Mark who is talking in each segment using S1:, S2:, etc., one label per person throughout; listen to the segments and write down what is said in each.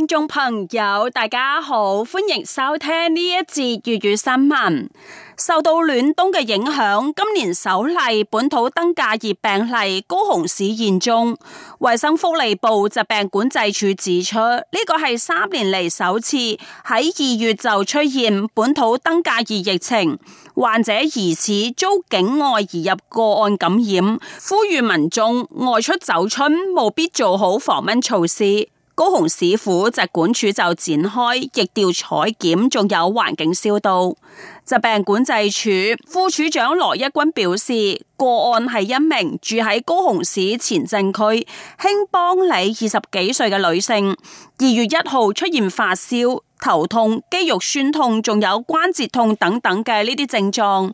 S1: 聽眾朋友，大家好，歡迎收聽呢一節粵語新聞。受到暖冬嘅影響，今年首例本土登革熱病例高雄市現蹤。衛生福利部疾病管制處指出，呢個係三年嚟，首次喺二月就出現本土登革熱疫情，患者疑似遭境外移入個案感染，呼籲民眾外出走春務必做好防蚊措施。高雄市府疾管處就展開疫調採檢，仲有環境消毒。疾病管制處副處長羅一君表示，個案係一名住喺高雄市前鎮區興邦里二十幾歲嘅女性，二月一號出現發燒、頭痛、肌肉酸痛，仲有關節痛等等嘅呢啲症狀。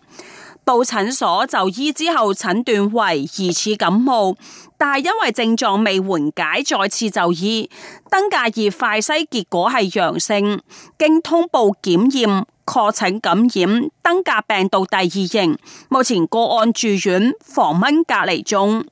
S1: 到診所就醫之後，診斷為疑似感冒，但係因為症狀未緩解，再次就醫，登革熱快篩結果係陽性，經通報檢驗確診感染登革病毒第二型，目前個案住院，防蚊隔離中。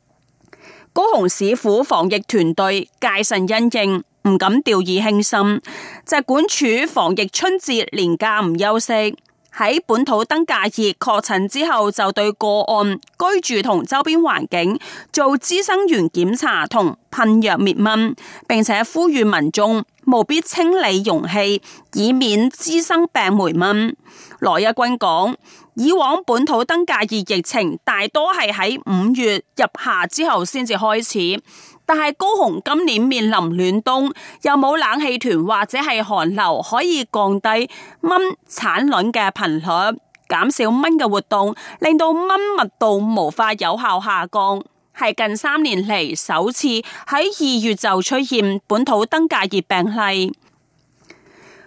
S1: 高雄市府防疫團隊戒慎因應，唔敢掉以輕心，疾管處防疫春節連假唔休息。喺本土登革熱確診之後，就對個案居住同周邊環境做滋生源檢查同噴藥滅蚊，並且呼籲民眾。務必清理容器，以免滋生病媒蚊。羅一軍講：以往本土登革熱疫情大多係喺五月入夏之後先至開始，但係高雄今年面臨暖冬，又冇冷氣團或者係寒流可以降低蚊產卵嘅頻率，減少蚊嘅活動，令到蚊密度無法有效下降。係近三年嚟首次喺二月就出現本土登革熱病例。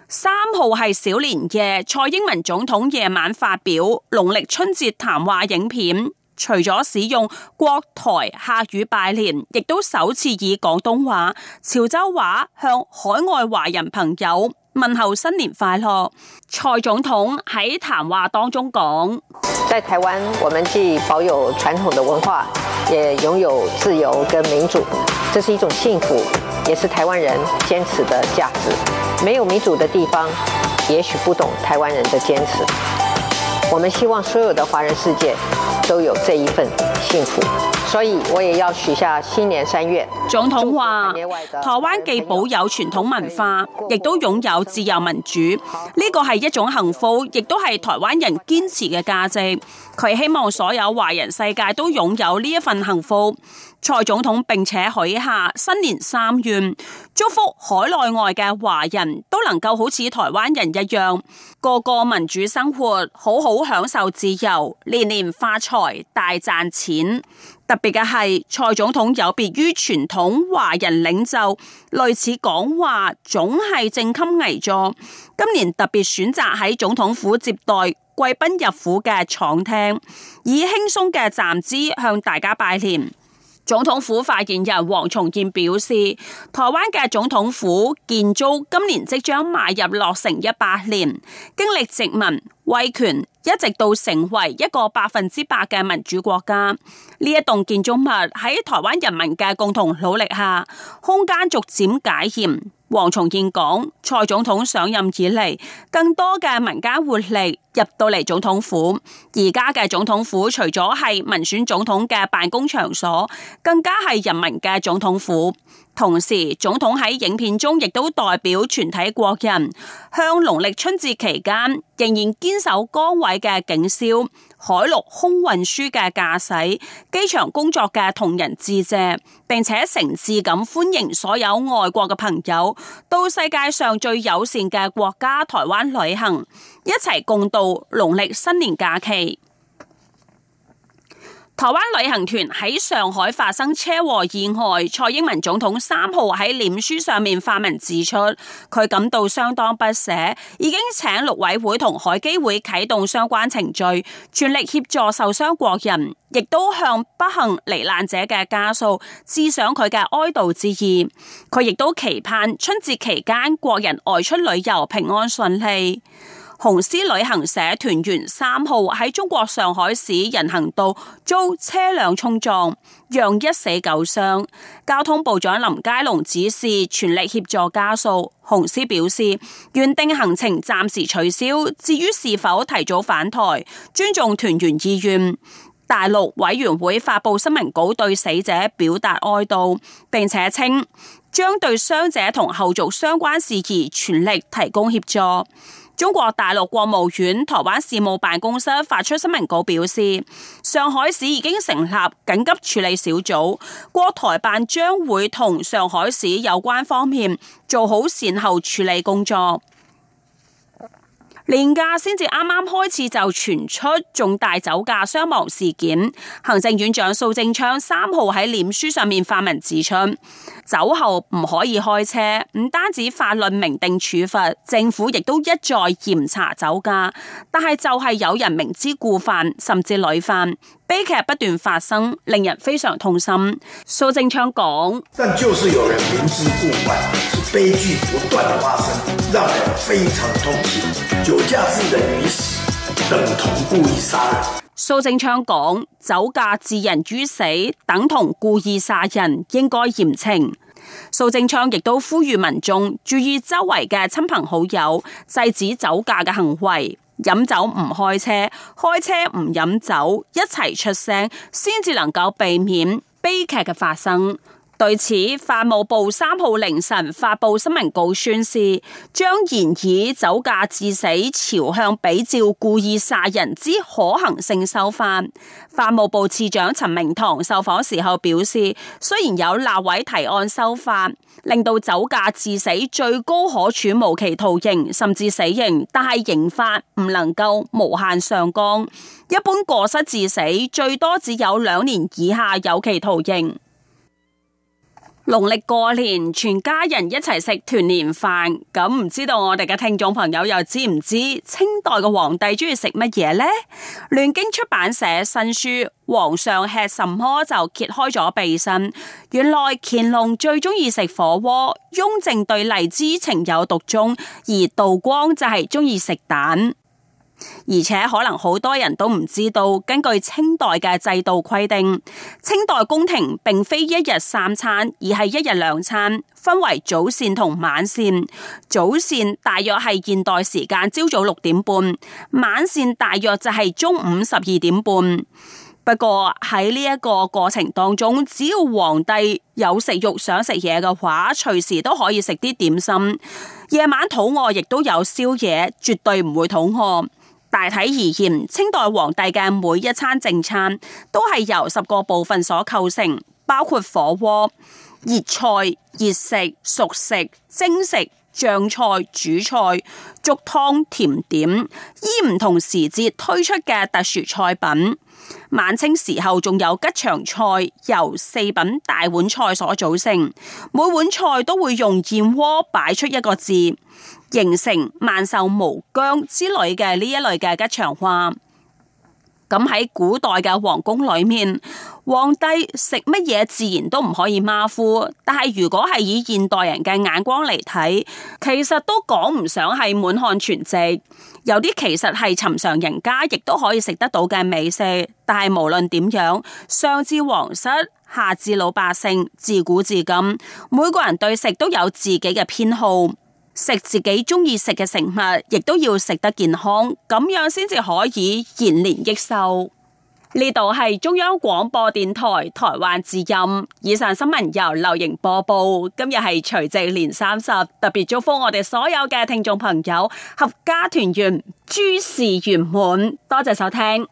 S1: 三號係小年夜，蔡英文總統夜晚發表農曆春節談話影片，除咗使用國台客語拜年，亦都首次以廣東話、潮州話向海外華人朋友問候新年快樂。蔡總統喺談話當中講：在台灣，我們既保有傳統的文化。也擁有自由跟民主，這是一種幸福，也是台灣人堅持的價值。沒有民主的地方，也許不懂台灣人的堅持。我們希望所有的華人世界都有這一份幸福。所以我也要許下新年三願。總統話：台灣既保有傳統文化，亦都擁有自由民主，呢個係一種幸福，亦都係台灣人堅持嘅價值。佢希望所有華人世界都擁有呢一份幸福。蔡總統並且許下新年三願，祝福海內外嘅華人都能夠好似台灣人一樣，過過民主生活，好好享受自由，年年發財，大賺錢。特別嘅係，蔡總統有別於傳統華人領袖，類似講話總係正襟危坐。今年特別選擇喺總統府接待貴賓入府嘅敞廳，以輕鬆嘅站姿向大家拜年。總統府發言人黃重建表示，台灣嘅總統府建築今年即將邁入落成一百年，經歷殖民、威權，一直到成為一個百分之百嘅民主國家。呢一棟建築物喺台灣人民嘅共同努力下，空間逐漸解嚴。黃崇健講：蔡總統上任以嚟，更多嘅民間活力入到嚟總統府。而家嘅總統府除咗係民選總統嘅辦公場所，更加係人民嘅總統府。同時，總統喺影片中亦都代表全體國人，向農曆春節期間仍然堅守崗位嘅警消。海陸空運輸嘅駕駛、機場工作嘅同仁致謝，並且誠摯咁歡迎所有外國嘅朋友到世界上最友善嘅國家台灣旅行，一齊共度農曆新年假期。台灣旅行團喺上海發生車禍意外，蔡英文總統三號喺臉書上面發文指出，佢感到相當不捨，已經請陸委會同海基會啟動相關程序，全力協助受傷國人，亦都向不幸罹難者嘅家屬致上佢嘅哀悼之意。佢亦都期盼春節期間國人外出旅遊平安順利。紅獅旅行社團員三號喺中國上海市人行道遭車輛衝撞，讓一死九傷。交通部長林佳龍指示全力協助家屬。紅獅表示原定行程暫時取消，至於是否提早返台，尊重團員意願。大陸委員會發布新聞稿，對死者表達哀悼，並且稱將對傷者同後續相關事宜全力提供協助。中國大陸國務院台灣事務辦公室發出聲明稿表示，上海市已經成立緊急處理小組，國台辦將會同上海市有關方面做好善後處理工作。年假先至啱啱開始就傳出重大酒駕傷亡事件，行政院長蘇貞昌三號喺臉書上面發文指出，酒後唔可以開車，唔單止法律明定處罰，政府亦都一再嚴查酒駕，但係就係有人明知故犯，甚至屢犯，悲劇不斷發生，令人非常痛心。蘇貞昌講：，但就係有人明知故犯，悲劇不斷的發生，讓非常痛心，酒駕致人於死，等同故意殺人。蘇貞昌講：酒駕致人於死，等同故意殺人，應該嚴懲。蘇貞昌亦都呼籲民眾注意周圍嘅親朋好友，制止酒駕嘅行為，飲酒唔開車，開車唔飲酒，一齊出聲，先至能夠避免悲劇嘅發生。對此，法務部三號凌晨發布新聞稿宣示，將嫌以酒駕致死朝向比照故意殺人之可行性修法。法務部次長陳明堂受訪時候表示，雖然有立委提案修法，令到酒駕致死最高可處無期徒刑甚至死刑，但係刑法唔能夠無限上綱。一般過失致死最多只有兩年以下有期徒刑。農曆過年，全家人一齊食團年飯。咁唔知道我哋嘅聽眾朋友又知唔知清代嘅皇帝中意食乜嘢呢？聯經出版社新書《皇上吃什麼》就揭開咗秘辛。原來乾隆最中意食火鍋，雍正對荔枝情有獨鍾，而道光就係中意食蛋。而且可能好多人都唔知道，根據清代嘅制度規定，清代宮廷並非一日三餐，而係一日兩餐，分為早膳同晚膳。早膳大約係現代時間朝早六點半，晚膳大約就係中午十二點半。不過喺呢一個過程當中，只要皇帝有食欲想食嘢嘅話，隨時都可以食啲點心。夜晚肚餓亦都有宵夜，絕對唔會肚餓。大體而言，清代皇帝嘅每一餐正餐都係由十個部分所構成，包括火鍋、熱菜、熱食、熟食、蒸食、醬菜、煮菜、粥湯、甜點，依唔同時節推出嘅特殊菜品。晚清時候仲有吉祥菜，由四品大碗菜所組成，每碗菜都會用燕窩擺出一個字，形成萬壽無疆之類嘅呢一類嘅吉祥話。咁喺古代嘅皇宮裏面。皇帝食乜嘢，自然都唔可以馬虎。但係如果係以現代人嘅眼光嚟睇，其實都講唔上係滿漢全席。有啲其實係尋常人家亦都可以食得到嘅美食。但係無論點樣，上至皇室，下至老百姓，自古至今，每個人對食都有自己嘅偏好。食自己中意食嘅食物，亦都要食得健康，咁樣先至可以延年益壽。呢度係中央廣播電台台灣之音。以上新聞由劉瑩播報。今日係除夕年三十，特別祝福我哋所有嘅聽眾朋友合家團圓、諸事圓滿。多謝收聽。